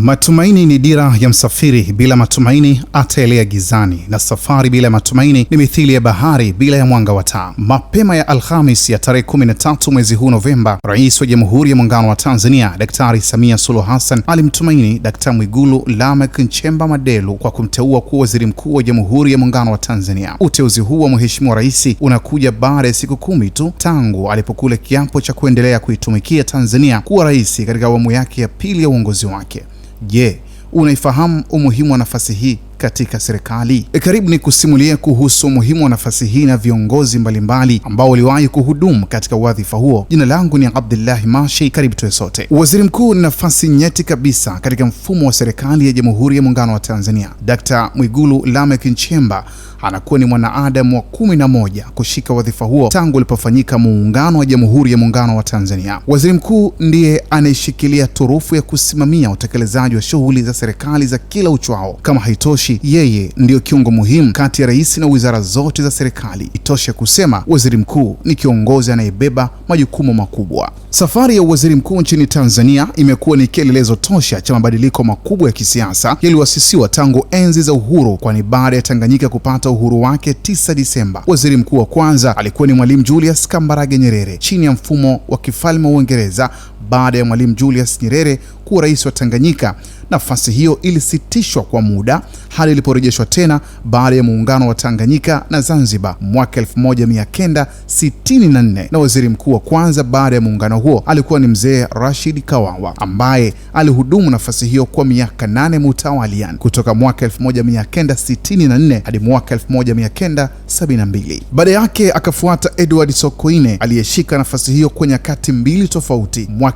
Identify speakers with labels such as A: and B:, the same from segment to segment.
A: Matumaini ni dira ya msafiri, bila matumaini ataelea gizani, na safari bila ya matumaini ni mithili ya bahari bila ya mwanga wa taa. Mapema ya Alhamis ya tarehe 13 mwezi huu Novemba, Rais wa Jamhuri ya Muungano wa Tanzania Daktari Samia Suluhu Hassan alimtumaini Daktari Mwigulu Lamek Nchemba Madelu kwa kumteua kuwa Waziri Mkuu wa Jamhuri ya Muungano wa Tanzania. Uteuzi huu wa Mheshimiwa Rais unakuja baada ya siku kumi tu tangu alipokula kiapo cha kuendelea kuitumikia Tanzania kuwa rais katika awamu yake ya pili ya uongozi wake. Je, unaifahamu umuhimu wa nafasi hii katika serikali? E, karibu ni kusimulia kuhusu umuhimu wa nafasi hii na viongozi mbalimbali ambao waliwahi kuhudumu katika wadhifa huo. Jina langu ni Abdullahi Mashi, karibu tuwe sote. Waziri mkuu ni nafasi nyeti kabisa katika mfumo wa serikali ya Jamhuri ya Muungano wa Tanzania. Dkt. Mwigulu Lameck Nchemba anakuwa ni mwanaadamu wa kumi na moja kushika wadhifa huo tangu ulipofanyika muungano wa Jamhuri ya Muungano wa Tanzania. Waziri mkuu ndiye anayeshikilia turufu ya kusimamia utekelezaji wa shughuli za serikali za kila uchwao. Kama haitoshi, yeye ndiyo kiungo muhimu kati ya rais na wizara zote za serikali. Itoshe kusema waziri mkuu ni kiongozi anayebeba majukumu makubwa. Safari ya waziri mkuu nchini Tanzania imekuwa ni kielelezo tosha cha mabadiliko makubwa ya kisiasa yaliyoasisiwa tangu enzi za uhuru, kwani baada ya Tanganyika kupata uhuru wake 9 Disemba, waziri mkuu wa kwanza alikuwa ni Mwalimu Julius Kambarage Nyerere chini ya mfumo wa kifalme wa Uingereza baada ya Mwalimu Julius Nyerere kuwa rais wa Tanganyika. Nafasi hiyo ilisitishwa kwa muda hadi iliporejeshwa tena baada ya muungano wa Tanganyika na Zanzibar mwaka 1964, na waziri mkuu wa kwanza baada ya muungano huo alikuwa ni mzee Rashid Kawawa ambaye alihudumu nafasi hiyo kwa miaka nane mutawalian kutoka mwaka 1964 hadi mwaka 1972. Baada yake akafuata Edward Sokoine aliyeshika nafasi hiyo kwa nyakati mbili tofauti mwaka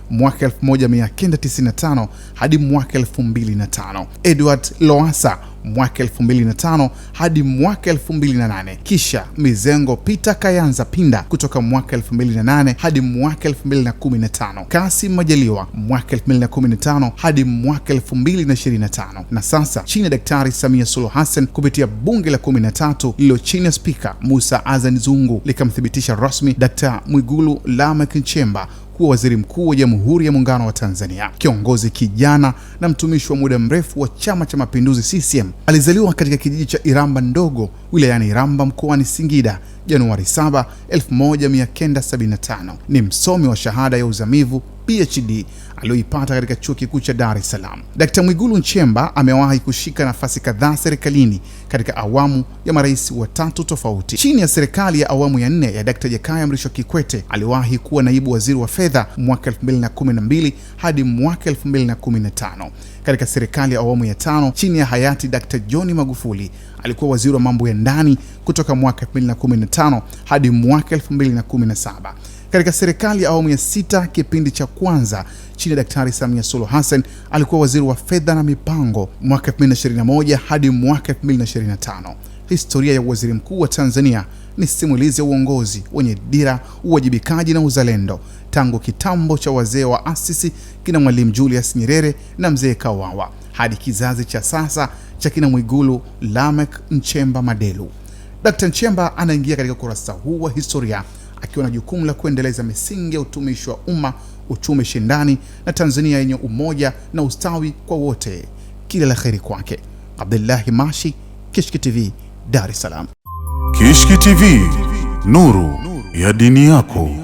A: mwaka 1995 hadi mwaka 2005, Edward Lowassa mwaka 2005 hadi mwaka 2008, kisha Mizengo Peter Kayanza Pinda kutoka mwaka 2008 hadi mwaka 2015, Kassim Majaliwa mwaka 2015 hadi mwaka 2025, na sasa chini ya Daktari Samia Suluhu Hassan kupitia bunge la 13 lililo chini ya Spika Musa Azan Zungu likamthibitisha rasmi Daktari Mwigulu Lameck Nchemba kuwa waziri mkuu wa Jamhuri ya Muungano wa Tanzania. Kiongozi kijana na mtumishi wa muda mrefu wa Chama cha Mapinduzi CCM, alizaliwa katika kijiji cha Iramba Ndogo wilayani Iramba mkoani Singida Januari 7, 1975. Ni msomi wa shahada ya uzamivu PhD aliyoipata katika chuo kikuu cha Dar es Salaam. Dkt. Mwigulu Nchemba amewahi kushika nafasi kadhaa serikalini katika awamu ya marais watatu tofauti. Chini ya serikali ya awamu ya nne ya Dkt. Jakaya Mrisho Kikwete aliwahi kuwa naibu waziri wa fedha mwaka 2012 hadi mwaka 2015. Katika serikali ya awamu ya tano chini ya hayati Dkt. John Magufuli alikuwa waziri wa mambo ya ndani kutoka mwaka 2015 hadi mwaka 2017. Katika serikali ya awamu ya sita kipindi cha kwanza chini ya Daktari Samia Suluhu Hassan alikuwa waziri wa fedha na mipango mwaka 2021 hadi mwaka 2025. Historia ya waziri mkuu wa Tanzania ni simulizi ya uongozi wenye dira, uwajibikaji na uzalendo tangu kitambo cha wazee wa asisi kina Mwalimu Julius Nyerere na Mzee Kawawa hadi kizazi cha sasa cha kina Mwigulu Lamek Nchemba Madelu. Dkt. Nchemba anaingia katika ukurasa huu wa historia akiwa na jukumu la kuendeleza misingi ya utumishi wa umma, uchumi shindani na Tanzania yenye umoja na ustawi kwa wote. Kila la heri kwake. Abdullahi Mashi, Kishki TV, Dar es Salaam. Kishki TV, nuru ya dini yako.